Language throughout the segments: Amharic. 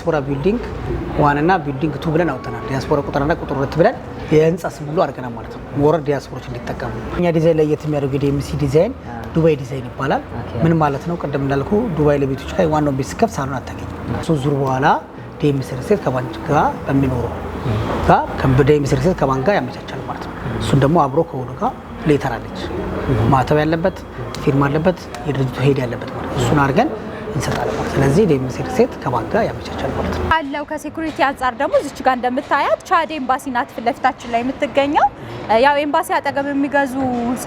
ዲያስፖራ ቢልዲንግ ዋንና ቢልዲንግ ቱ ብለን አውጥተናል። ዲያስፖራ ቁጥር አንድ ቁጥር ሁለት ብለን የህንፃ ስም ሁሉ አድርገናል ማለት ነው። ወረድ ዲያስፖሮች እንዲጠቀሙ እኛ ዲዛይን ለየት የሚያደርጉ የዲኤምሲ ዲዛይን ዱባይ ዲዛይን ይባላል። ምን ማለት ነው? ቅድም እንዳልኩ ዱባይ ለቤቶች ላይ ዋናውን ቤት ስከፍ ሳሎን አታገኝም። ሶስት ዙር በኋላ ዲኤምሲ ሪሴት ከባንክ ጋር በሚኖረው ጋር ዲኤምሲ ሪሴት ከባንክ ጋር ያመቻቻል ማለት ነው። እሱን ደግሞ አብሮ ከሆኑ ጋር ሌተር አለች ማተብ ያለበት ፊርማ አለበት የድርጅቱ ሄድ ያለበት ማለት እሱን አድርገን እንሰጣለን ማለት። ስለዚህ ለምሳሌ ሴት ከባንክ ጋር ያመቻቻል ማለት ነው አለው። ከሴኩሪቲ አንጻር ደግሞ እዚች ጋር እንደምታያት ቻድ ኤምባሲ ናት ፊት ለፊታችን ላይ የምትገኘው። ያው ኤምባሲ አጠገብ የሚገዙ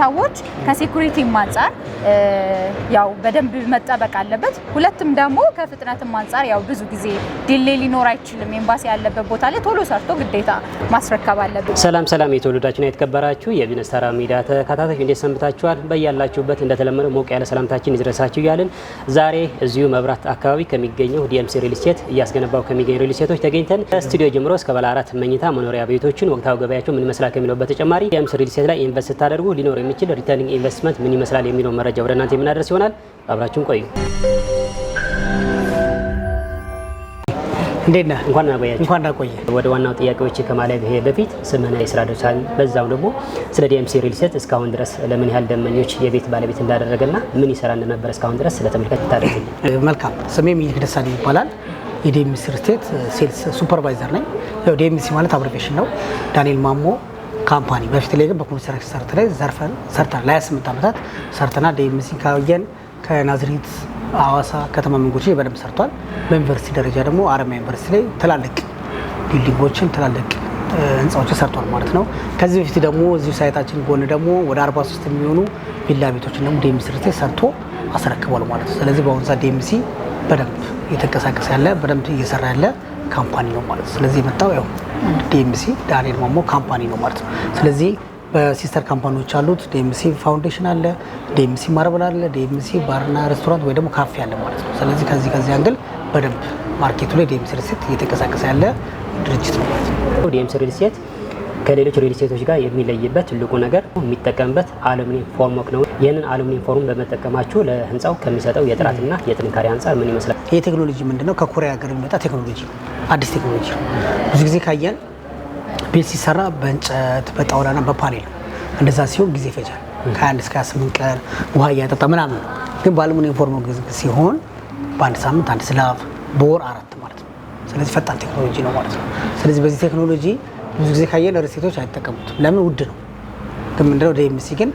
ሰዎች ከሴኩሪቲም አንጻር ያው በደንብ መጠበቅ አለበት። ሁለትም ደግሞ ከፍጥነትም አንጻር ያው ብዙ ጊዜ ዲሌ ሊኖር አይችልም። ኤምባሲ ያለበት ቦታ ላይ ቶሎ ሰርቶ ግዴታ ማስረከብ አለበት። ሰላም ሰላም፣ የተወለዳችሁና የተከበራችሁ የቢዝነስ ተራ ሚዲያ ተከታታዮች እንዴት ሰንብታችኋል? በያላችሁበት እንደተለመደው ሞቅ ያለ ሰላምታችን ይድረሳችሁ እያልን ዛሬ እዚሁ መብራት አካባቢ ከሚገኘው ዲኤምሲ ሪል ስቴት እያስገነባው ከሚገኝ ሪል ስቴቶች ተገኝተን ከስቱዲዮ ጀምሮ እስከ ባለ አራት መኝታ መኖሪያ ቤቶችን ወቅታዊ ገበያቸው ምን ይመስላል ከሚለው በተጨማሪ ዲኤምሲ ሪል ስቴት ላይ ኢንቨስት ስታደርጉ ሊኖር የሚችል ሪተርኒንግ ኢንቨስትመንት ምን ይመስላል የሚለው መረጃ ወደ እናንተ የምናደርስ ይሆናል። አብራችሁን ቆዩ። እንዴት ነህ? እንኳን አቆያችሁ። እንኳን አቆየ። ወደ ዋናው ጥያቄዎች ከማለፌ በፊት ስምህና የስራ ድርሻን በዛው ደግሞ ስለ ዲኤምሲ ሪል ስቴት እስካሁን ድረስ ለምን ያህል ደንበኞች የቤት ባለቤት እንዳደረገና ምን ይሰራ እንደነበረ እስካሁን ድረስ ስለ ተመልካች መልካም። ስሜ ሚኒክ ደሳለኝ ይባላል። የዲኤምሲ ሪል ስቴት ሴልስ ሱፐርቫይዘር ነኝ። ያው ዲኤምሲ ማለት አብሬቬሽን ነው። ዳንኤል ማሞ ካምፓኒ። በፊት ላይ ግን በኮንስትራክሽን ሰርት ላይ ዘርፈን ሰርተናል። ለ28 ዓመታት ሰርተናል። ዲኤምሲ ካየን ከናዝሬት አዋሳ ከተማ መንገዶች ላይ በደንብ ሰርቷል። በዩኒቨርሲቲ ደረጃ ደግሞ አረማ ዩኒቨርሲቲ ላይ ትላልቅ ቢልዲንጎችን ትላልቅ ህንፃዎችን ሰርቷል ማለት ነው። ከዚህ በፊት ደግሞ እዚሁ ሳይታችን ጎን ደግሞ ወደ 43 የሚሆኑ ቪላ ቤቶችን ደግሞ ዲኤምሲ ሪልስቴት ሰርቶ አስረክቧል ማለት ነው። ስለዚህ በአሁኑ ሰዓት ዴሚሲ በደንብ እየተንቀሳቀሰ ያለ በደንብ እየሰራ ያለ ካምፓኒ ነው ማለት ነው። ስለዚህ የመጣው ያው ዲኤምሲ ዳንኤል ማሞ ካምፓኒ ነው ማለት ነው። ስለዚህ በሲስተር ካምፓኒዎች አሉት። ዲኤምሲ ፋውንዴሽን አለ፣ ዲኤምሲ ማርበል አለ፣ ዲኤምሲ ባርና ሬስቶራንት ወይ ደግሞ ካፌ አለ ማለት ነው። ስለዚህ ከዚህ ከዚህ አንግል በደንብ ማርኬቱ ላይ ዲኤምሲ ሪልስቴት እየተንቀሳቀሰ ያለ ድርጅት ነው ማለት ነው። ዲኤምሲ ሪልስቴት ከሌሎች ሪልስቴቶች ጋር የሚለይበት ትልቁ ነገር የሚጠቀምበት አሉሚኒየም ፎርምወርክ ነው። ይህንን አሉሚኒየም ፎርም በመጠቀማችሁ ለህንፃው ከሚሰጠው የጥራትና የጥንካሬ አንጻር ምን ይመስላል? ይህ ቴክኖሎጂ ምንድነው? ከኮሪያ ሀገር የሚመጣ ቴክኖሎጂ፣ አዲስ ቴክኖሎጂ ብዙ ጊዜ ካየን ቤት ሲሰራ በእንጨት በጣውላና በፓኔል እንደዛ ሲሆን ጊዜ ይፈጃል። ከአንድ እስከ ስምንት ቀን ውሃ እያጠጣ ምናምን ነው። ግን በአልሙኒየም ፎርም ሲሆን በአንድ ሳምንት አንድ ስላፍ፣ በወር አራት ማለት ነው። ስለዚህ ፈጣን ቴክኖሎጂ ነው ማለት ነው። ስለዚህ በዚህ ቴክኖሎጂ ብዙ ጊዜ ካየን ሪሴቶች አይጠቀሙትም። ለምን ውድ ነው። ግን ወደ ዲኤምሲ ግን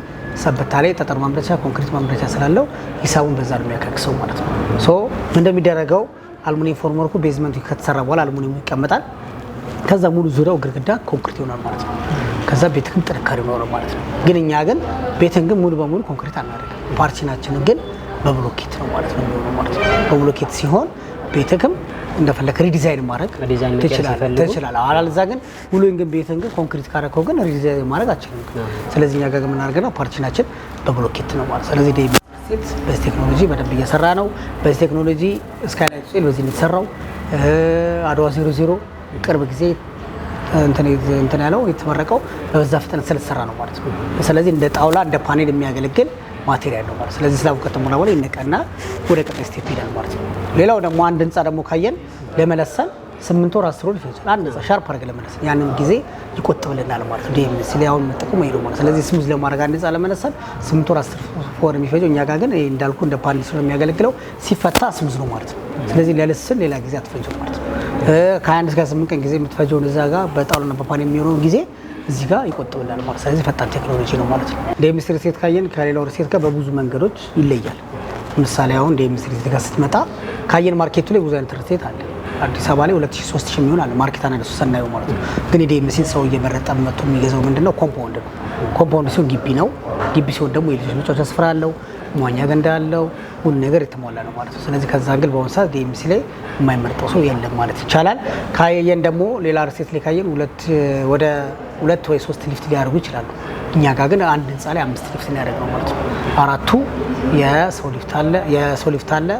ሰበታ ላይ ጠጠር ማምረቻ፣ ኮንክሪት ማምረቻ ስላለው ሂሳቡን በዛ ነው የሚያካክሰው ማለት ነው። ሶ እንደሚደረገው አልሙኒየም ፎርም ቤዝመንቱ ከተሰራ በኋላ አልሙኒየሙ ይቀመጣል። ከዛ ሙሉ ዙሪያው ግድግዳ ኮንክሪት ይሆናል ማለት ነው። ከዛ ቤትህም ጥንካሬ ይኖረው ማለት ነው። ግን እኛ ግን ቤትን ግን ሙሉ በሙሉ ኮንክሪት አናደርግም። ፓርቲናችንን ግን በብሎኬት ነው ማለት ነው የሚሆነው ማለት ነው። በብሎኬት ሲሆን ቤትህም እንደፈለክ ሪዲዛይን ማድረግ ትችላለህ። አላልዛ ግን ሙሉን ግን ቤትን ግን ኮንክሪት ካረከው ግን ሪዲዛይን ማድረግ አችልም። ስለዚህ እኛ ጋር የምናደርገው ፓርቲናችን በብሎኬት ነው ማለት ስለዚህ በዚህ ቴክኖሎጂ በደንብ እየሰራ ነው። በዚህ ቴክኖሎጂ ስካይላይት ሆቴል በዚህ ነው የተሰራው። አድዋ ዜሮ ዜሮ ቅርብ ጊዜ እንትን ያለው የተመረቀው በበዛ ፍጥነት ስለተሰራ ነው ማለት ነው። ስለዚህ እንደ ጣውላ እንደ ፓኔል የሚያገለግል ማቴሪያል ነው ማለት ነው። ስለዚህ ስላቡ ከተሞላወለ ይነቀና ወደ ቀጣይ ስቴፕ ይሄዳል ማለት ነው። ሌላው ደግሞ አንድ ህንፃ ደግሞ ካየን ለመለሰን ስምንት ወር አስር ወር ይፈጃል። አንድ ህንፃ ሻርፕ አድርገን ለመለሰን ያንን ጊዜ ይቆጥብልናል ማለት ነው። ዲኤምሲ ላይ አሁን ጥቅሙ ይሄ ነው ማለት ስለዚህ ስሙዝ ለማድረግ አንድ ህንፃ ለመለሰን ስምንት ወር አስር ወር የሚፈጀው እኛ ጋር ግን እንዳልኩ እንደ ፓኔል ስለሚያገለግለው ሲፈታ ስሙዝ ነው ማለት ነው። ስለዚህ ለልስን ሌላ ጊዜ አትፈጅም ማለት ነው። ከአንድ እስከ ስምንት ቀን ጊዜ የምትፈጀውን እዛ ጋር በጣሉና በፓን የሚሆነውን ጊዜ እዚህ ጋር ይቆጥብላል ማለት ስለዚህ ፈጣን ቴክኖሎጂ ነው ማለት ነው። ዴሚስትሪ ሴት ካየን ከሌላው ርሴት ጋር በብዙ መንገዶች ይለያል። ምሳሌ አሁን ዴሚስትሪ ሴት ጋር ስትመጣ ካየን ማርኬቱ ላይ ብዙ አይነት ርሴት አለ። አዲስ አበባ ላይ 2000 የሚሆን አለ ማርኬት አናሊሲስ ስናየው ማለት ነው። ግን ዴሚስትሪ ሰው እየመረጠ መጥቶ የሚገዛው ምንድነው ኮምፓውንድ ነው ኮምፓውንድ ሲሆን ግቢ ነው። ግቢ ሲሆን ደግሞ የልጆች መጫወቻ ስፍራ አለው፣ መዋኛ ገንዳ አለው፣ ሁሉ ነገር የተሟላ ነው ማለት ነው። ስለዚህ ከዛ ግን በአሁኑ ሰዓት ዲኤምሲ ላይ የማይመርጠው ሰው የለም ማለት ይቻላል። ካየን ደግሞ ሌላ ርሴት ላይ ካየን ሁለት ወደ ሁለት ወይ ሶስት ሊፍት ሊያደርጉ ይችላሉ። እኛ ጋር ግን አንድ ህንፃ ላይ አምስት ሊፍት ሊያደርግ ነው ማለት ነው። አራቱ የሰው ሊፍት አለ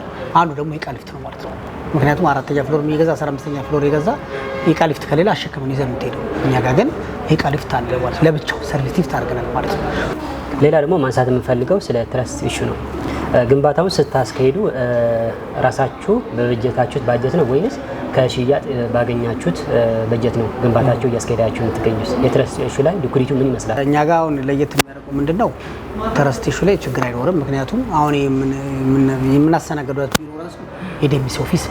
አንዱ ደግሞ የቃ ሊፍት ነው ማለት ነው። ምክንያቱም አራተኛ ፍሎር የሚገዛ አስራ አምስተኛ ፍሎር የገዛ የቃ ሊፍት ከሌላ አሸክመን ይዘን የምትሄደው እኛ ጋር ግን የእቃ ሊፍት አለ ማለት ለብቻው ሰርቪስ ሊፍት አድርገናል ማለት ነው። ሌላ ደግሞ ማንሳት የምፈልገው ስለ ትረስት ኢሹ ነው። ግንባታውን ስታስካሄዱ ራሳችሁ በበጀታችሁት ባጀት ነው ወይንስ ከሽያጭ ባገኛችሁት በጀት ነው ግንባታችሁ እያስካሄዳችሁ የምትገኙት? የትረስት ኢሹ ላይ ዲኩሪቱ ምን ይመስላል? እኛ ጋር አሁን ለየት የሚያደርገው ምንድን ነው? ትረስት ኢሹ ላይ ችግር አይኖርም። ምክንያቱም አሁን የምናስተናገዷት ቢሮ ራሱ የደሚስ ኦፊስ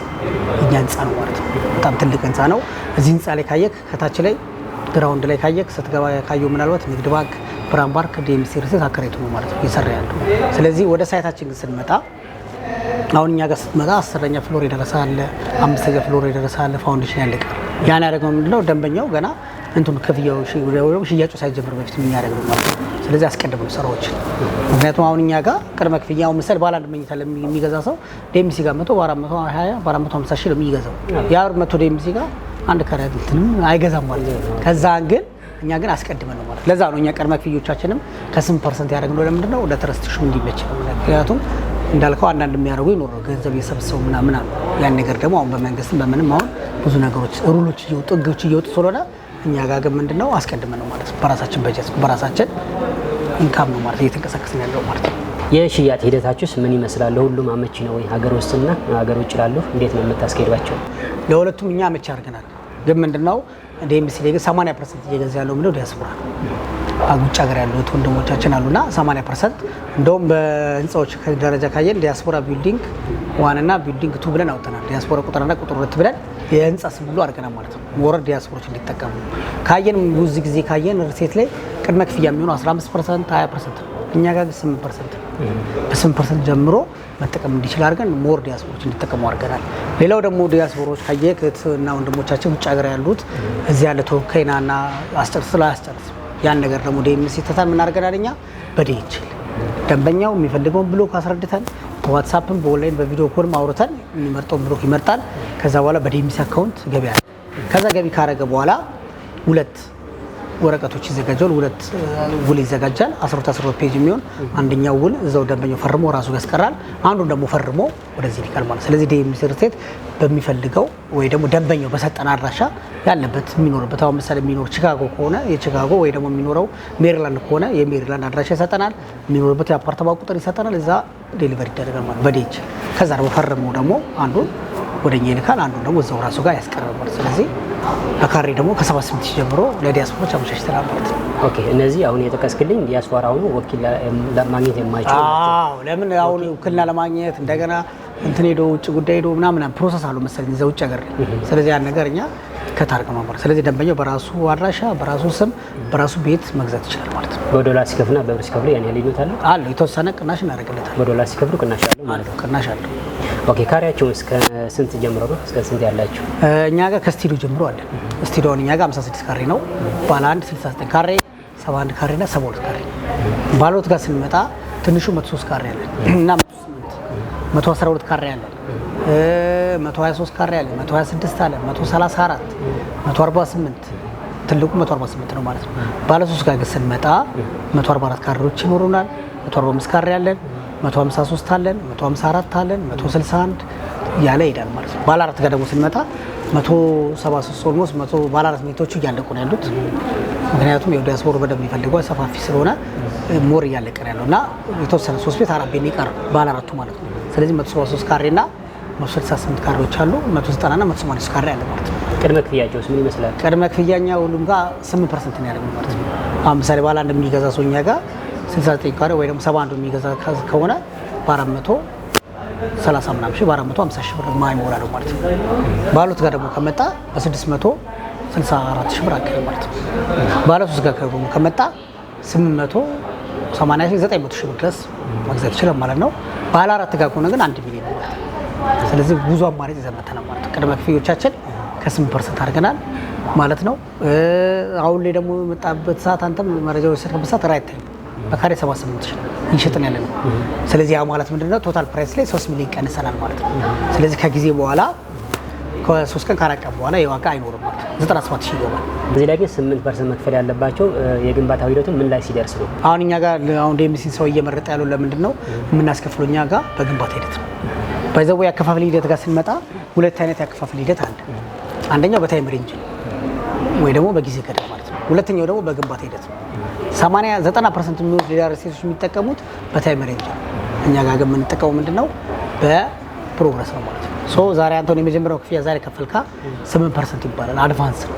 እኛ ህንፃ ነው ማለት ነው። በጣም ትልቅ ህንፃ ነው። እዚህ ህንፃ ላይ ካየክ ከታች ላይ ግራውንድ ላይ ካየክ ስትገባ ካዩ ምናልባት ንግድ ባንክ ብርሃን ባንክ ዲኤምሲ ሪልስቴት አከራይቶ ነው ማለት ነው እየሰራ ያለው። ስለዚህ ወደ ሳይታችን ግን ስንመጣ አሁን እኛ ጋር ስትመጣ አስረኛ ፍሎር የደረሰ አለ፣ አምስተኛ ፍሎር የደረሰ አለ፣ ፋውንዴሽን ያለቀ ያን ያደረገው ምንድነው ደንበኛው ገና እንትን ክፍያው ሽያጩ ሳይጀምር በፊት ምን ያደረግ ነው ማለት ነው። ስለዚህ አስቀድም ነው ስራዎችን። ምክንያቱም አሁን እኛ ጋር ቅድመ ክፍያ አሁን ምሳሌ ባለ አንድ መኝታ የሚገዛ ሰው ዴሚሲ ጋር መቶ በአራት መቶ ሀያ በአራት መቶ ሀምሳ ሺህ ነው የሚገዛው ያ መቶ ዴሚሲ ጋር አንድ ከረጢት እንትንም አይገዛም ማለት ነው። ከዛን ግን እኛ ግን አስቀድመ ነው ማለት ለዛ ነው እኛ ቅድመ ክፍያዎቻችንም ከስምንት ፐርሰንት ያደረግነው ለምንድን ነው ለትረስትሹ እንዲመች ነው። ምክንያቱም እንዳልከው አንዳንድ የሚያደርጉ ይኖሩ ገንዘብ እየሰበሰቡ ምናምን አሉ። ያን ነገር ደግሞ አሁን በመንግስትም በምንም አሁን ብዙ ነገሮች ሩሎች እየወጡ ህጎች እየወጡ ስለሆነ እኛ ጋር ግን ምንድን ነው አስቀድመን ነው ማለት በራሳችን በጀት በራሳችን ኢንካም ነው ማለት እየተንቀሳቀስን ያለው ማለት ነው። የሽያጭ ሂደታችሁስ ምን ይመስላል? ለሁሉም አመቺ ነው ወይ? ሀገር ውስጥና ሀገር ውጭ ላሉ እንዴት ነው የምታስኬዷቸው? ለሁለቱም እኛ አመቺ አድርገናል። ግን ምንድነው እንደ ኤምባሲ ላይ ግን 80 ፐርሰንት እየገዛ ያለው ምንድነው ዲያስፖራ ውጭ ሀገር ያሉት ወንድሞቻችን አሉና 80 ፐርሰንት እንደውም በህንፃዎች ደረጃ ካየን ዲያስፖራ ቢልዲንግ ዋን እና ቢልዲንግ ቱ ብለን አውጥተናል። ዲያስፖራ ቁጥር አንድ ቁጥር ሁለት ብለን የህንፃ ስም ብሎ አድርገናል ማለት ነው። ወረድ ዲያስፖሮች እንዲጠቀሙ ካየን ብዙ ጊዜ ካየን ርሴት ላይ ቅድመ ክፍያ የሚሆኑ 15 ፐርሰንት 20 ፐርሰንት እኛ ጋር 8 ፐርሰንት በ8 ፐርሰንት ጀምሮ መጠቀም እንዲችል አድርገን ሞር ዲያስፖሮች እንዲጠቀሙ አድርገናል። ሌላው ደግሞ ዲያስፖሮች ካየ እህትና ወንድሞቻችን ውጭ ሀገር ያሉት እዚህ ያለ ተወካይና ና አስጨርስ ላይ አስጨርስ ያን ነገር ደግሞ ዴምሲ ተታ የምናደርገናል እኛ በዲጂታል ደንበኛው የሚፈልገውን ብሎክ አስረድተን በዋትሳፕም በኦንላይን በቪዲዮ ኮልም አውርተን የሚመርጠውን ብሎክ ይመርጣል። ከዛ በኋላ በዴምሲ አካውንት ገቢ አለ። ከዛ ገቢ ካረገ በኋላ ሁለት ወረቀቶች ይዘጋጃሉ። ሁለት ውል ይዘጋጃል። አስሮት አስሮት ፔጅ የሚሆን አንደኛው ውል እዛው ደንበኛው ፈርሞ ራሱ ያስቀራል። አንዱ ደግሞ ፈርሞ ወደዚህ ይልካል ማለት ስለዚህ ዲኤም ሪል ስቴት በሚፈልገው ወይ ደግሞ ደንበኛው በሰጠን አድራሻ ያለበት የሚኖርበት አሁን ምሳሌ የሚኖር ቺካጎ ከሆነ የቺካጎ ወይ ደግሞ የሚኖረው ሜሪላንድ ከሆነ የሜሪላንድ አድራሻ ይሰጠናል። የሚኖርበት የአፓርታማ ቁጥር ይሰጠናል። እዛ ዴሊቨር ይደረጋል ማለት በዴጅ ከዛ ደግሞ ፈርሞ ደግሞ አንዱን ወደኛ ይልካል። አንዱን ደግሞ እዛው ራሱ ጋር ያስቀራል ስለዚህ በካሬ ደግሞ ከ78 ሺህ ጀምሮ ለዲያስፖራዎች አመቻችተናል ማለት ነው። ኦኬ እነዚህ አሁን የጠቀስክልኝ ዲያስፖራ አሁኑ ወኪል ለማግኘት የማይችሉ ለምን አሁን ውክልና ለማግኘት እንደገና እንትን ሄዶ ውጭ ጉዳይ ሄዶ ምናምን ፕሮሰስ አለው መሰለኝ እዚያ ውጭ ሀገር። ስለዚህ ያን ነገር እኛ ከታርቅ ነው ማለት ስለዚህ ደንበኛው በራሱ አድራሻ በራሱ ስም በራሱ ቤት መግዛት ይችላል ማለት ነው። በዶላር ሲከፍልና በብር ሲከፍል ያን ያለ ይሉታል አለ የተወሰነ ቅናሽ እናደርግለታል። በዶላር ሲከፍሉ ቅናሽ አለ ማለት ነው። ቅናሽ አለው ኦኬ ካሬያቸውን እስከ ስንት ጀምሮ ነው? እስከ ስንት ያላችሁ? እኛ ጋር ከስቲዲዮ ጀምሮ አለ። ስቲሉን እኛ ጋር 56 ካሬ ነው። ባለ 1 69 ካሬ፣ 71 ካሬ እና 72 ካሬ። ባለሁለት ጋር ስንመጣ ትንሹ 103 ካሬ አለ እና 112 ካሬ አለ። 123 ካሬ አለ፣ 126 አለ፣ 134፣ 148 ትልቁ 148 ነው ማለት ነው። ባለ 3 ጋር ስንመጣ 144 ካሬዎች ይኖሩናል። 145 ካሬ አለን። 153 አለን፣ 154 አለን፣ 161 እያለ ይሄዳል ማለት ነው። ባለ አራት ጋር ደግሞ ስንመጣ 173 ኦልሞስት 100 ባለ አራት መኝታዎቹ እያለቁ ነው ያሉት። ምክንያቱም የው ዲያስፖራ በደንብ የሚፈልገው ሰፋፊ ስለሆነ ሞር እያለቀ ነው ያለው እና የተወሰነ ሶስት ቤት አራት ቤት ይቀር ባለ አራቱ ማለት ነው። ስለዚህ 173 ካሬና 168 ካሬዎች አሉ። 190 እና 180 ካሬ አለ ማለት ነው። ቅድመ ክፍያቸው ምን ይመስላል? ቅድመ ክፍያኛ ሁሉም ጋር 8 ፐርሰንት ነው ያለው ማለት ነው። አሁን ምሳሌ ባለ አንድ የሚገዛ ሰው እኛ ጋር 69 ካሬ ወይ ደግሞ 71 የሚገዛ ከሆነ በ430 ምናምን ሺህ በ450 ሺህ ብር የማይሞላ ነው ማለት ነው። ባሉት ጋር ደግሞ ከመጣ በ664 ሺህ ብር አካባቢ ማለት ነው። ባለ ሶስት ጋር ደግሞ ከመጣ 880 ሺህ 900 ሺህ ብር ድረስ መግዛት ይችላል ማለት ነው። ባለ አራት ጋር ከሆነ ግን አንድ ሚሊዮን ማለት ነው። ስለዚህ ብዙ አማራጭ ይዘን መጥተናል ማለት ነው። ቅድመ ክፍያዎቻችን ከስምንት ፐርሰንት አድርገናል ማለት ነው። አሁን ላይ ደግሞ የመጣበት ሰዓት አንተም መረጃ የወሰድክበት ሰዓት ራይት ታይም በካሬ 78 ሺህ ይሸጥን ያለ ነው። ስለዚህ ያ ማለት ምንድነው ቶታል ፕራይስ ላይ 3 ሚሊዮን ይቀንሰናል ማለት ነው። ስለዚህ ከጊዜ በኋላ ከሶስት ቀን ካራቀ በኋላ የዋጋ አይኖርም ማለት ነው። 97 ሺህ ይገባል። በዚህ ላይ ግን 8 ፐርሰንት መክፈል ያለባቸው የግንባታው ሂደቱ ምን ላይ ሲደርስ ነው? አሁን እኛ ጋር አሁን ዴምሲን ሰው እየመረጠ ያለው ለምንድን ነው የምናስከፍለው? እኛ ጋር በግንባታ ሂደት ነው። በዛው የአከፋፈል ሂደት ጋር ስንመጣ ሁለት አይነት የአከፋፈል ሂደት አለ። አንደኛው በታይም ሬንጅ ወይ ደግሞ በጊዜ ገደብ ማለት ነው። ሁለተኛው ደግሞ በግንባታ ሂደት ነው። 80 90 ፐርሰንት የሚሆኑ የሚጠቀሙት በታይም ሬንጅ ነው። እኛ ጋር ግን የምንጠቀመው ምንድን ነው በፕሮግረስ ነው ማለት ነው። ሶ ዛሬ አንተን የመጀመሪያው ክፍያ ዛሬ ከፈልካ 8 ፐርሰንት ይባላል አድቫንስ ነው።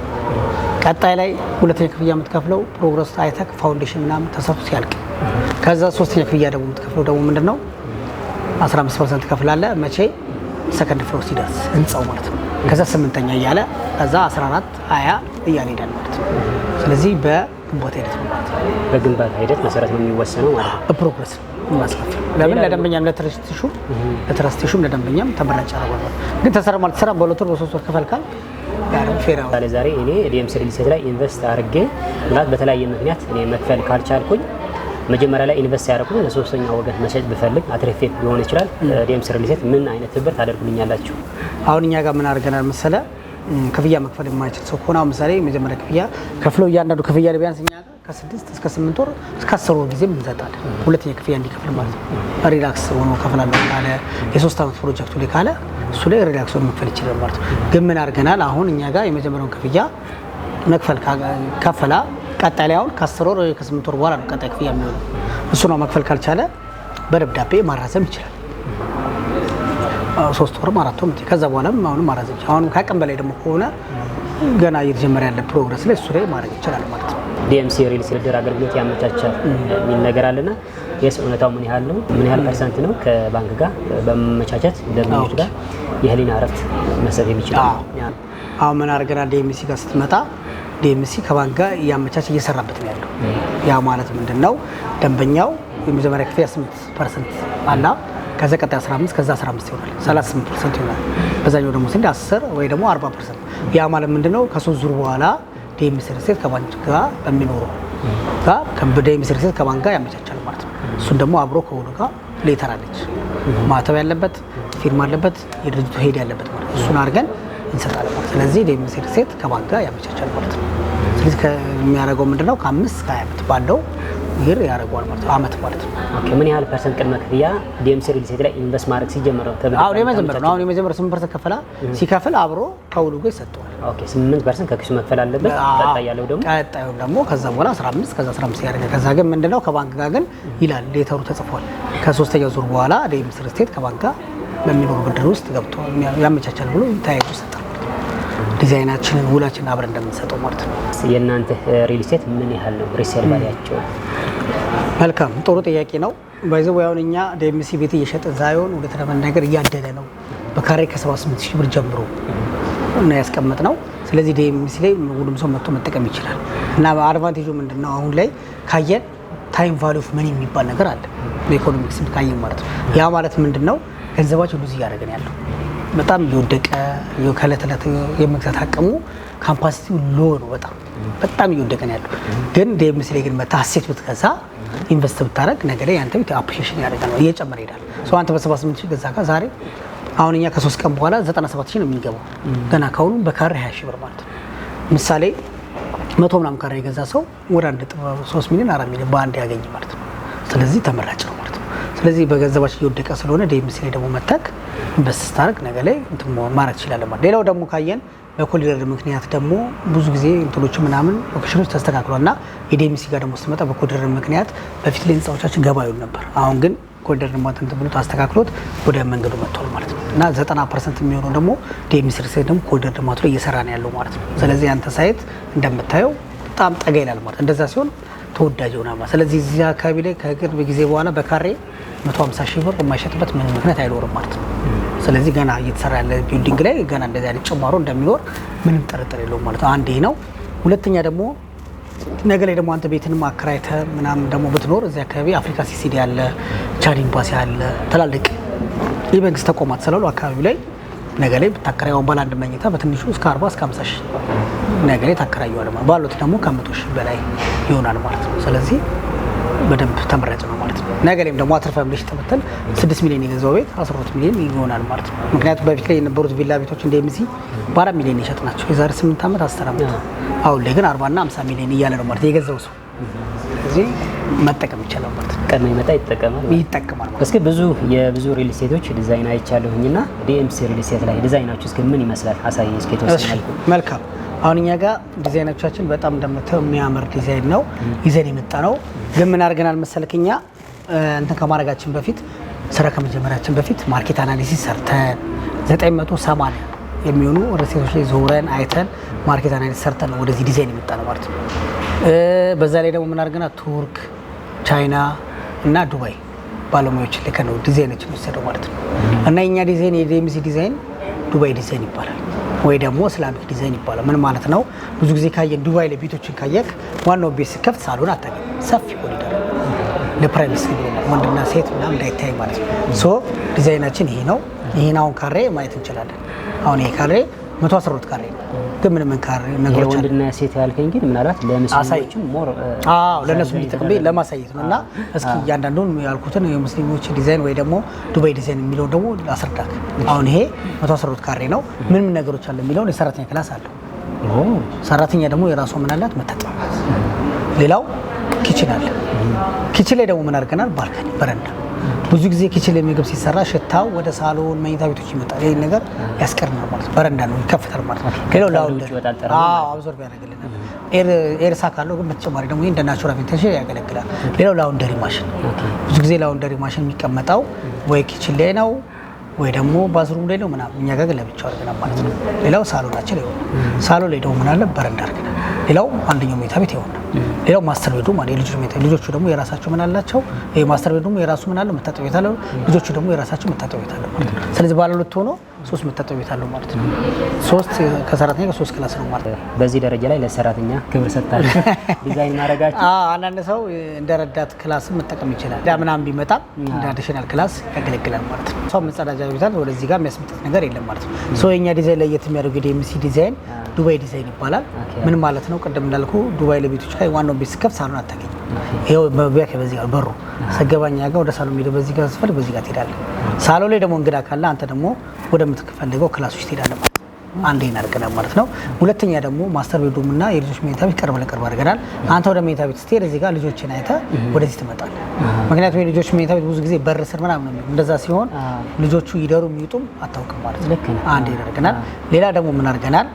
ቀጣይ ላይ ሁለተኛ ክፍያ የምትከፍለው ፕሮግረስ አይተክ ፋውንዴሽን ምናምን ተሰርቶ ሲያልቅ፣ ከዛ ሶስተኛ ክፍያ ደግሞ የምትከፍለው ደግሞ ምንድን ነው 15 ፐርሰንት ትከፍላለህ መቼ ሰከንድ ፍሎር ሲደርስ ህንፃው ማለት ነው። ከዛ ስምንተኛ እያለ ከዛ 14 20 እያለ ሄዳል ማለት ነው። ስለዚህ በግንባታ ሂደት ነው ማለት ነው። በግንባታ ሂደት መሰረት ነው የሚወሰነው ማለት ነው። በፕሮግረስ ነው ማስከፈል ለምን ለደንበኛም ለትራስቲሹ ለትረስቲሹም ለደንበኛም ተመራጭ ያደርጓል። ግን ተሰራ ማለት ስራ በሁለት ወር በሶስት ወር ከፈልካል ዛሬ እኔ ዲኤምሲ ሪል ስቴት ላይ ኢንቨስት አድርጌ ምናልባት በተለያየ ምክንያት እኔ መክፈል ካልቻልኩኝ መጀመሪያ ላይ ኢንቨስት ያደረኩት ለሶስተኛ ወገን መሸጥ ብፈልግ አትሬፌት ሊሆን ይችላል ዴምስ ሪልስቴት ምን አይነት ትብብር ታደርጉልኛላችሁ? አሁን እኛ ጋር ምን አድርገናል መሰለ ክፍያ መክፈል የማይችል ሰው ከሆነ አሁን ምሳሌ የመጀመሪያ ክፍያ ከፍሎ እያንዳንዱ ክፍያ ቢያንስ እኛ ከስድስት እስከ ስምንት ወር እስከ አስር ወር ጊዜም እንሰጣለን። ሁለተኛ ክፍያ እንዲከፍል ማለት ነው። ሪላክስ ሆኖ ከፍላለሁ ካለ የሶስት ዓመት ፕሮጀክቱ ላይ ካለ እሱ ላይ ሪላክስ ሆኖ መክፈል ይችላል ማለት ነው። ግን ምን አድርገናል አሁን እኛ ጋር የመጀመሪያውን ክፍያ መክፈል ከፈላ ቀጣይ አሁን ከአስር ወር ከስምንት ወር በኋላ ነው ቀጣይ ክፍያ የሚሆነው። እሱ ነው መክፈል ካልቻለ በደብዳቤ ማራዘም ይችላል። ሶስት ወርም አራት ወርም ከዛ በኋላም አሁንም ማራዘም ይችላል። አሁንም ከአቅም በላይ ደግሞ ከሆነ ገና እየተጀመረ ያለ ፕሮግረስ ላይ እሱ ላይ ማድረግ ይችላል ማለት ነው። ዲኤምሲ ሪል ስልድር አገልግሎት ያመቻቻል የሚል ነገር አለና የስ እውነታው ምን ያህል ነው? ምን ያህል ፐርሰንት ነው ከባንክ ጋር በመመቻቸት ደንበኞች ጋር የህሊና እረፍት መሰብ የሚችላል? አሁን ምን አድርገናል? ዲኤምሲ ጋር ስትመጣ ዲኤምሲ ከባንክ ጋር እያመቻቸ እየሰራበት ነው ያለው። ያ ማለት ምንድን ነው? ደንበኛው የመጀመሪያ ክፍያ 8 ፐርሰንት አላ ከዛ ቀጣይ 15 ከዛ 15 ይሆናል 38 ፐርሰንት ይሆናል። በዛኛው ደግሞ ስንድ 10 ወይ ደግሞ 40 ፐርሰንት። ያ ማለት ምንድን ነው? ከሶስት ዙር በኋላ ዲኤምሲ ሪሴት ከባንክ ጋር በሚኖረው ጋር ዲኤምሲ ሪሴት ከባንክ ጋር ያመቻቻል ማለት ነው። እሱን ደግሞ አብሮ ከሆኑ ጋር ሌተር አለች ማተብ ያለበት ፊርማ አለበት የድርጅቱ ሄድ ያለበት ማለት እሱን አድርገን ይሰጣል ማለት። ስለዚህ ዴምሲ ሴት ከባንክ ጋር ያመቻቻል ማለት ነው። ስለዚህ ከሚያደርገው ነው? ከአምስት እስከ ዓመት ባለው ይር ያደርገዋል ማለት ነው። አመት ማለት ነው። ምን ያህል ፐርሰንት ቅድመ ክፍያ ዲኤምሲ ሪል ስቴት ላይ ኢንቨስት ማድረግ ሲጀምር ነው ተብሎ? አዎ የመጀመር ነው። አሁን የመጀመር ፐርሰንት ከፈላ ሲከፍል አብሮ ከውሉ ጋር ይሰጠዋል። ስምንት ፐርሰንት ከክሱ መክፈል አለበት። ቀጣይ ያለው ደግሞ ቀጣዩ ደግሞ ከዛ በኋላ አስራ አምስት ከዛ አስራ አምስት ያደርጋል። ከዛ ግን ነው ከባንክ ጋር ግን ይላል ሌተሩ ተጽፏል። ከሶስተኛው ዙር በኋላ ዲኤምሲ ሪል ስቴት ከባንክ ጋር በሚኖሩ ብድር ውስጥ ገብቶ ያመቻቻል ብሎ ተያይዞ ይሰጣል። ዲዛይናችንን ውላችን አብረን እንደምንሰጠው ማለት ነው። የእናንተ ሪል ስቴት ምን ያህል ነው ሪሴል ቫሊያቸው? መልካም ጥሩ ጥያቄ ነው። ባይዘው ያሁን እኛ ዲኤምሲ ቤት እየሸጥን ሳይሆን ወደ ነገር እያደለ ነው። በካሬ ከ78 ሺህ ብር ጀምሮ ነው ያስቀመጥ ነው። ስለዚህ ዲኤምሲ ላይ ሁሉም ሰው መጥቶ መጠቀም ይችላል እና አድቫንቴጁ ምንድን ነው? አሁን ላይ ካየን ታይም ቫሊ ኦፍ መኒ የሚባል ነገር አለ በኢኮኖሚክስ ካየን ማለት ነው። ያ ማለት ምንድን ነው? ገንዘባቸው ሉዝ እያደረገን ያለው በጣም እየወደቀ ከዕለት እለት የመግዛት አቅሙ ካፓሲቲው ሎ ነው። በጣም በጣም እየወደቀ ነው ያለው። ግን ዲኤምሲ ላይ ግን መታ ሴት ብትገዛ ኢንቨስት ብታደረግ ነገ ላይ አንተ ቤት አፕሪሽን ያደርጋል፣ እየጨመረ ይሄዳል። ሰው አንተ በ78 ሺህ ገዛ ዛሬ አሁን እኛ ከሶስት ቀን በኋላ 97 ሺህ ነው የሚገባው። ገና ከአሁኑ በካሬ 20 ሺህ ብር ማለት ነው። ምሳሌ መቶ ምናምን ካሬ የገዛ ሰው ወደ አንድ ሶስት ሚሊዮን አራት ሚሊዮን በአንድ ያገኝ ማለት ነው። ስለዚህ ተመራጭ ነው ማለት ነው። ስለዚህ በገንዘባችን እየወደቀ ስለሆነ ዲኤምሲ ላይ ደግሞ መተክ ኢንቨስት ስታደርግ ነገ ላይ ማድረግ ትችላለህ ማለት። ሌላው ደግሞ ካየን በኮሊደር ምክንያት ደግሞ ብዙ ጊዜ እንትኖች ምናምን ሎኬሽኖች ተስተካክሏል እና ኤዴሚሲ ጋር ደግሞ ስትመጣ በኮሊደር ምክንያት በፊት ላይ ህንፃዎቻችን ገባ ይሉ ነበር። አሁን ግን ኮሊደር ልማት እንትን ብሎ አስተካክሎት ወደ መንገዱ መጥቷል ማለት ነው እና ዘጠና ፐርሰንት የሚሆነው ደግሞ ዲኤምሲ ሪልስቴት ደግሞ ኮሊደር ልማቱ ላይ እየሰራ ነው ያለው ማለት ነው። ስለዚህ አንተ ሳይት እንደምታየው በጣም ጠጋ ይላል ማለት እንደዛ ሲሆን ተወዳጅ ይሆናል ስለዚህ እዚህ አካባቢ ላይ ከቅርብ ጊዜ በኋላ በካሬ 150 ሺህ ብር የማይሸጥበት ምን ምክንያት አይኖርም ማለት ነው። ስለዚህ ገና እየተሰራ ያለ ቢልዲንግ ላይ ገና እንደዚህ አይነት ጭማሮ እንደሚኖር ምንም ጥርጥር የለውም ማለት ነው። አንድ ይህ ነው። ሁለተኛ ደግሞ ነገ ላይ ደግሞ አንተ ቤትን አከራይተ ምናምን ደግሞ ብትኖር እዚህ አካባቢ አፍሪካ ሲሲዲ ያለ፣ ቻድ ኤምባሲ ያለ ትላልቅ የመንግስት ተቋማት ስላሉ አካባቢው ላይ ነገ ላይ ብታከራየውን ባለ አንድ መኝታ በትንሹ እስከ 40 እስከ 50 ሺህ ነገ ላይ ታከራየዋለህ ማለት ባሉት ደግሞ ከመቶ ሺህ በላይ ይሆናል ማለት ነው። ስለዚህ በደንብ ተመራጭ ነው። ነገ ላይም ደግሞ አትርፈን ብለሽ ተመተን 6 ሚሊዮን የገዛው ቤት አስራ ሚሊዮን ይሆናል ማለት ነው። ምክንያቱም በፊት ላይ የነበሩት ቪላ ቤቶች እንደ ኤምሲ በአራት ሚሊዮን ይሸጥ ናቸው የዛሬ ስምንት ዓመት አስር ዓመት። አሁን ላይ ግን አርባና አምሳ ሚሊዮን እያለ ነው ማለት የገዛው ሰው ስለዚህ መጠቀም ይቻላል ማለት ነው። ቀድሞ ይመጣ ይጠቀማል ይጠቀማል ማለት እስኪ ብዙ የብዙ ሪል ስቴቶች ዲዛይን አይቻለሁኝ እና ዲኤምሲ ሪል ስቴት ላይ ዲዛይናችሁ እስኪ ምን ይመስላል አሳይ እስኪ የተወሰነ መልካም አሁን እኛ ጋር ዲዛይኖቻችን በጣም እንደምታየው የሚያምር ዲዛይን ነው ይዘን የመጣ ነው። ግን ምን አድርገናል መሰልክ እኛ እንትን ከማድረጋችን በፊት ስራ ከመጀመሪያችን በፊት ማርኬት አናሊሲስ ሰርተን 980 የሚሆኑ ሪሴቶች ላይ ዞረን አይተን ማርኬት አናሊሲስ ሰርተን ወደዚህ ዲዛይን የመጣ ነው ማለት ነው። በዛ ላይ ደግሞ ምናርገና ቱርክ፣ ቻይና እና ዱባይ ባለሙያዎች ልከ ነው ዲዛይኖች የሚሰደው ማለት ነው። እና የኛ ዲዛይን የዲኤምሲ ዲዛይን ዱባይ ዲዛይን ይባላል ወይ ደግሞ እስላሚክ ዲዛይን ይባላል። ምን ማለት ነው? ብዙ ጊዜ ካየን ዱባይ ላይ ቤቶችን ካየክ ዋናው ቤት ስከፍት ሳሎን አታገኝም፣ ሰፊ ኮሪደር ለፕራይቬሲ ወንድና ሴት ምናምን እንዳይታይ ማለት ነው። ሶ ዲዛይናችን ይሄ ነው። ይህን አሁን ካሬ ማየት እንችላለን። አሁን ይሄ ካሬ መቶ አስራ ካሬ ግን ምን ምን ካሬ ነገሮች ወንድና ሴት ያልከኝ ግን ምናልባት ለሙስሊሞችም ሞር አዎ ለነሱ እንዲጠቅም ለማሳየት ነው። እና እስኪ እያንዳንዱን ያልኩትን የሙስሊሞች ዲዛይን ወይ ደግሞ ዱባይ ዲዛይን የሚለውን ደግሞ አስረዳክ። አሁን ይሄ መቶ አስራ ካሬ ነው። ምን ምን ነገሮች አለ የሚለውን የሰራተኛ ክላስ አለው። ሰራተኛ ደግሞ የራሱ ምናላት አላት ሌላው ኪችን አለ። ኪችን ላይ ደግሞ ምን አድርገናል? ባልከኒ በረንዳ። ብዙ ጊዜ ኪችን ላይ ምግብ ሲሰራ ሽታው ወደ ሳሎን መኝታ ቤቶች ይመጣል። ይህን ነገር ያስቀርናል ማለት በረንዳ ነው ይከፍታል ማለት ነው። ሌላው ላውንደሪ አብዞርብ ያደርግልናል። ኤርሳ ካለው ግን በተጨማሪ ደግሞ ይህ እንደ ናቹራል ቬንቲሌሽን ያገለግላል። ሌላው ላውንደሪ ማሽን፣ ብዙ ጊዜ ላውንደሪ ማሽን የሚቀመጠው ወይ ኪችን ላይ ነው ወይ ደግሞ ባዝሩም ላይ ነው ምናምን። እኛ ጋር ግን አድርገናል ማለት ነው። ሌላው ሳሎናችን ይሆናል። ሳሎን ላይ ደግሞ ምናለ በረንዳ አድርገናል። ሌላው አንደኛው መኝታ ቤት ይሆናል። ሌላው ማስተር ቤድሩም አለ የልጆች መኝታ ልጆቹ ደግሞ የራሳቸው ምን አላቸው። ይሄ ማስተር ቤድሩም የራሱ ምን አለው መታጠቢያ ቤት አለው። ልጆቹ ደግሞ የራሳቸው መታጠቢያ ቤት አለው ማለት ነው። ስለዚህ ባለ ሁለት ሆኖ ሶስት መታጠቢያ ቤት አለው ማለት ነው። ሶስት ከሰራተኛ ከሶስት ክላስ ነው ማለት ነው። በዚህ ደረጃ ላይ ለሰራተኛ ክብር ሰጥታለ ዲዛይን ማድረጋቸው። አዎ አንዳንድ ሰው እንደ ረዳት ክላስ መጠቀም ይችላል። ዳ ምናምን ቢመጣ እንደ አዲሽናል ክላስ ያገለግላል ማለት ነው። ሰው መጸዳጃ ቤት ወደዚህ ጋር የሚያስመጣት ነገር የለም ማለት ነው። ሰው የኛ ዲዛይን ለየት የሚያደርገው ዲኤምሲ ዲዛይን ዱባይ ዲዛይን ይባላል። ምን ማለት ነው? ቅድም እንዳልኩ ዱባይ ለቤቶች ላይ ዋናው ቤት ስከፍት ሳሎን አታገኝ። ይኸው መግቢያ በዚህ ጋር በሩ ሰገባኛ ጋር ወደ ሳሎን ሄደ በዚህ ጋር ስፈልግ በዚህ ጋር ትሄዳለህ። ሳሎን ላይ ደግሞ እንግዳ ካለ አንተ ደግሞ ወደምትፈልገው ክላስ ውስጥ ትሄዳለህ ማለት ነው። አድርገናል ማለት ነው። ሁለተኛ ደግሞ ማስተር ቤድሩም እና የልጆች መኝታ ቤት ቅርብ ለቅርብ አድርገናል። አንተ ወደ መኝታ ቤት ስትሄድ እዚህ ጋር ልጆችን አይተ ወደዚህ ትመጣል። ምክንያቱም የልጆች መኝታ ቤት ብዙ ጊዜ በር ስር ምናምን ነው። እንደዛ ሲሆን ልጆቹ ይደሩ የሚውጡም አታውቅም ማለት ነው። አንድ አድርገናል። ሌላ ደግሞ ምን አድርገናል?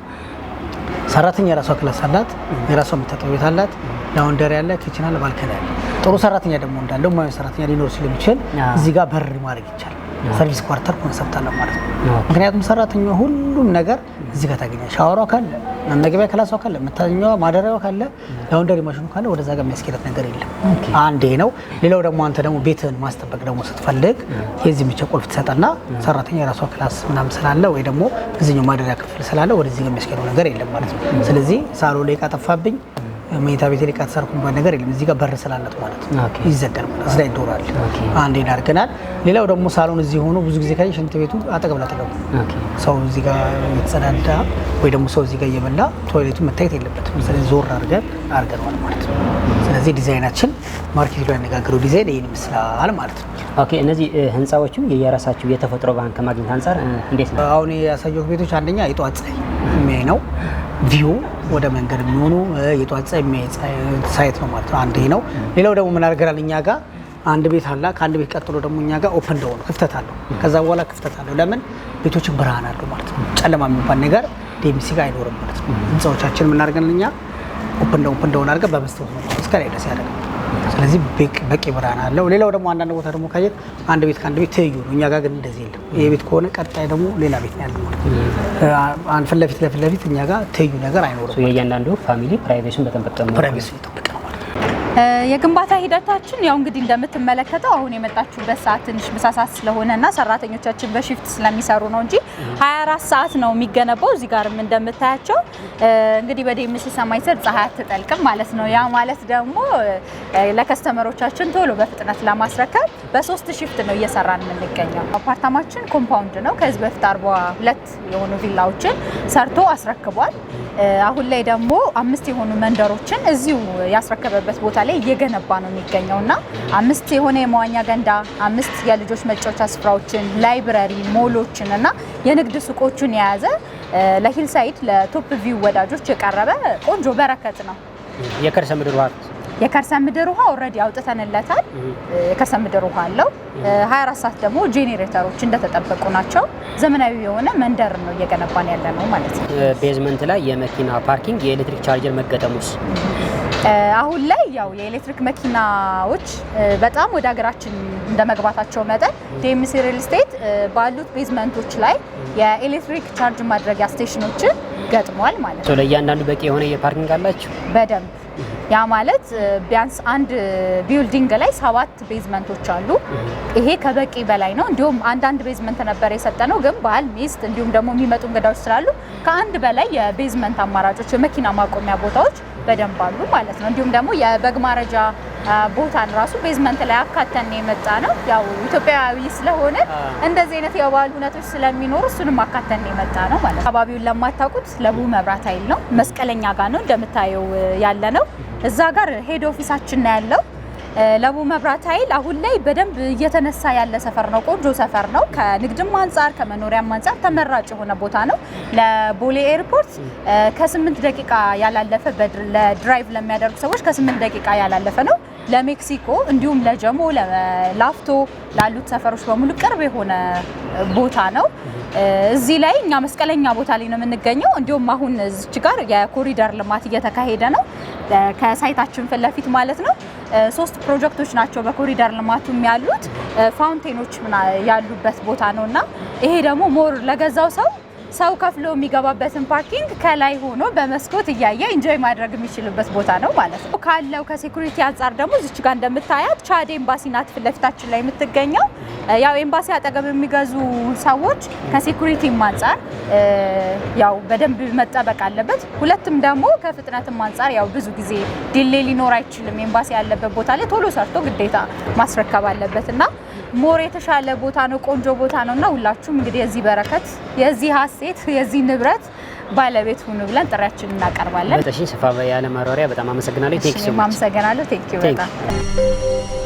ሰራተኛ የራሷ ክላስ አላት፣ የራሷ የምታጠብ ቤት አላት፣ ላውንደሪ አለ፣ ኪችን አለ፣ ባልከኒ አለ። ጥሩ ሰራተኛ ደግሞ እንዳለው ሙያዊ ሰራተኛ ሊኖር ስለሚችል እዚህ ጋር በር ማድረግ ይቻላል። ሰርቪስ ኳርተር ኮንሰፕት አለው ማለት ነው። ምክንያቱም ሰራተኛዋ ሁሉም ነገር እዚህ ጋር ታገኛል። ሻወሯ ካለ፣ መመገቢያ ክላሷ ካለ፣ መታኛዋ ማደሪያዋ ካለ፣ ላውንደሪ ማሽኑ ካለ ወደዛ ጋር የሚያስኬዳት ነገር የለም። አንዴ ነው። ሌላው ደግሞ አንተ ደግሞ ቤትህን ማስጠበቅ ደግሞ ስትፈልግ የዚህ ብቻ ቁልፍ ትሰጠና ሰራተኛ የራሷ ክላስ ምናምን ስላለ ወይ ደግሞ እዚኛው ማደሪያ ክፍል ስላለ ወደዚህ ጋር የሚያስኬደው ነገር የለም ማለት ነው። ስለዚህ ሳሎ ላይ ቃጠፋብኝ መኝታ ቤት ላይ ካተሰርኩበት ነገር የለም። እዚህ ጋር በር ስላለት ማለት ነው ይዘጋል ማለት ስላይ ይዶራል። አንድ ይዳርገናል። ሌላው ደግሞ ሳሎን እዚህ ሆኖ ብዙ ጊዜ ካይ ሽንት ቤቱ አጠገብ ላይ ሰው እዚህ ጋር የተጸዳዳ ወይ ደግሞ ሰው እዚህ ጋር እየበላ ቶይሌቱ መታየት የለበትም። ስለዚህ ዞር አድርገን አድርገናል ማለት ነው። ስለዚህ ዲዛይናችን ማርኬት ላይ ያነጋገረው ዲዛይን ይህን ይመስላል ማለት ነው። ኦኬ እነዚህ ህንፃዎቹ የየራሳቸው የተፈጥሮ ባንክ ከማግኘት አንጻር እንዴት ነው? አሁን ያሳየሁት ቤቶች አንደኛ የጠዋት ፀሐይ የሚያይ ነው ቪው ወደ መንገድ የሚሆኑ የጧት ፀሐይ ሳይት ነው ማለት ነው። አንድ ነው። ሌላው ደግሞ ምን ያደርገናል እኛ ጋር አንድ ቤት አላ ከአንድ ቤት ቀጥሎ ደግሞ እኛ ጋር ኦፕን ደሆነ ክፍተት አለው። ከዛ በኋላ ክፍተት አለው። ለምን ቤቶችን ብርሃን አሉ ማለት ነው። ጨለማ የሚባል ነገር ዴሚሲ ጋር አይኖርም ማለት ነው። ህንፃዎቻችን ምን ያደርገናል እኛ ኦፕን ደሆን ኦፕን ዳውን አድርገን በመስታወት ነው እስከ ላይ ደስ ያደርጋል። ስለዚህ በቂ ብርሃን አለው። ሌላው ደግሞ አንዳንድ ቦታ ደግሞ ካየት አንድ ቤት ከአንድ ቤት ትይዩ ነው። እኛ ጋር ግን እንደዚህ የለም። ይሄ ቤት ከሆነ ቀጣይ ደግሞ ሌላ ቤት ነው ያለው ማለት ነው። ፊት ለፊት እኛ ጋር ትይዩ ነገር አይኖርም። የእያንዳንዱ ፋሚሊ ፕራይቬሽን በጣም በጣም ፕራይቬሲ ነው የግንባታ ሂደታችን ያው እንግዲህ እንደምትመለከተው አሁን የመጣችሁበት ሰዓት ትንሽ ምሳ ሰዓት ስለሆነ እና ሰራተኞቻችን በሺፍት ስለሚሰሩ ነው እንጂ 24 ሰዓት ነው የሚገነባው። እዚህ ጋርም እንደምታያቸው እንግዲህ በደምሲ ሰማይ ስር ፀሐይ አትጠልቅም ማለት ነው። ያ ማለት ደግሞ ለከስተመሮቻችን ቶሎ በፍጥነት ለማስረከብ በሶስት ሺፍት ነው እየሰራን የምንገኘው። አፓርታማችን ኮምፓውንድ ነው። ከዚህ በፊት አርባ ሁለት የሆኑ ቪላዎችን ሰርቶ አስረክቧል። አሁን ላይ ደግሞ አምስት የሆኑ መንደሮችን እዚሁ ያስረከበበት ቦታ ላይ እየገነባ ነው የሚገኘው እና አምስት የሆነ የመዋኛ ገንዳ፣ አምስት የልጆች መጫወቻ ስፍራዎችን፣ ላይብረሪ፣ ሞሎችን እና የንግድ ሱቆችን የያዘ ለሂልሳይድ ለቶፕ ቪው ወዳጆች የቀረበ ቆንጆ በረከት ነው የከርሰ ምድር የከርሰ ምድር ውሃ ኦልሬዲ አውጥተንለታል። የከርሰ ምድር ውሃ አለው። 24 ሰዓት ደግሞ ጄኔሬተሮች እንደተጠበቁ ናቸው። ዘመናዊ የሆነ መንደር ነው እየገነባን ያለ ነው ማለት ነው። ቤዝመንት ላይ የመኪና ፓርኪንግ የኤሌክትሪክ ቻርጀር መገጠሙስ? አሁን ላይ ያው የኤሌክትሪክ መኪናዎች በጣም ወደ ሀገራችን እንደመግባታቸው መጠን ዴምሲ ሪል ስቴት ባሉት ቤዝመንቶች ላይ የኤሌክትሪክ ቻርጅ ማድረጊያ ስቴሽኖችን ገጥሟል ማለት ነው። ለእያንዳንዱ በቂ የሆነ የፓርኪንግ አላቸው በደንብ ያ ማለት ቢያንስ አንድ ቢልዲንግ ላይ ሰባት ቤዝመንቶች አሉ። ይሄ ከበቂ በላይ ነው። እንዲሁም አንዳንድ ቤዝመንት ነበር የሰጠነው፣ ግን ባህል ሚስት፣ እንዲሁም ደግሞ የሚመጡ እንግዳዎች ስላሉ ከአንድ በላይ የቤዝመንት አማራጮች፣ የመኪና ማቆሚያ ቦታዎች በደንብ አሉ ማለት ነው። እንዲሁም ደግሞ የበግ ማረጃ ቦታን ራሱ ቤዝመንት ላይ አካተን የመጣ ነው። ያው ኢትዮጵያዊ ስለሆነ እንደዚህ አይነት የባህል ሁነቶች ስለሚኖሩ እሱንም አካተን የመጣ ነው ማለት ነው። አካባቢውን ለማታውቁት ለቡ መብራት ኃይል ነው፣ መስቀለኛ ጋር ነው እንደምታየው ያለ ነው። እዛ ጋር ሄድ ኦፊሳችን ነው ያለው። ለቡ መብራት ኃይል አሁን ላይ በደንብ እየተነሳ ያለ ሰፈር ነው። ቆንጆ ሰፈር ነው። ከንግድም አንጻር ከመኖሪያም አንጻር ተመራጭ የሆነ ቦታ ነው። ለቦሌ ኤርፖርት ከስምንት ደቂቃ ያላለፈ ለድራይቭ ለሚያደርጉ ሰዎች ከስምንት ደቂቃ ያላለፈ ነው። ለሜክሲኮ እንዲሁም ለጀሞ ለላፍቶ ላሉት ሰፈሮች በሙሉ ቅርብ የሆነ ቦታ ነው። እዚህ ላይ እኛ መስቀለኛ ቦታ ላይ ነው የምንገኘው። እንዲሁም አሁን እዚች ጋር የኮሪደር ልማት እየተካሄደ ነው፣ ከሳይታችን ፊት ለፊት ማለት ነው። ሶስት ፕሮጀክቶች ናቸው በኮሪደር ልማቱም ያሉት ፋውንቴኖች ያሉበት ቦታ ነው እና ይሄ ደግሞ ሞር ለገዛው ሰው ሰው ከፍሎ የሚገባበትን ፓርኪንግ ከላይ ሆኖ በመስኮት እያየ ኢንጆይ ማድረግ የሚችልበት ቦታ ነው ማለት ነው። ካለው ከሴኩሪቲ አንጻር ደግሞ እዚች ጋር እንደምታያት ቻድ ኤምባሲ ናት ፊት ለፊታችን ላይ የምትገኘው። ያው ኤምባሲ አጠገብ የሚገዙ ሰዎች ከሴኩሪቲም አንጻር ያው በደንብ መጠበቅ አለበት። ሁለትም ደግሞ ከፍጥነትም አንጻር ያው ብዙ ጊዜ ዲሌ ሊኖር አይችልም። ኤምባሲ ያለበት ቦታ ላይ ቶሎ ሰርቶ ግዴታ ማስረከብ አለበት እና ሞር የተሻለ ቦታ ነው፣ ቆንጆ ቦታ ነው እና ሁላችሁም እንግዲህ የዚህ በረከት፣ የዚህ ሀሴት፣ የዚህ ንብረት ባለቤት ሁኑ ብለን ጥሪያችን እናቀርባለን። ሰፋ ያለ ማብራሪያ በጣም አመሰግናለሁ። ቴንኪው አመሰግናለሁ። ዩ በጣም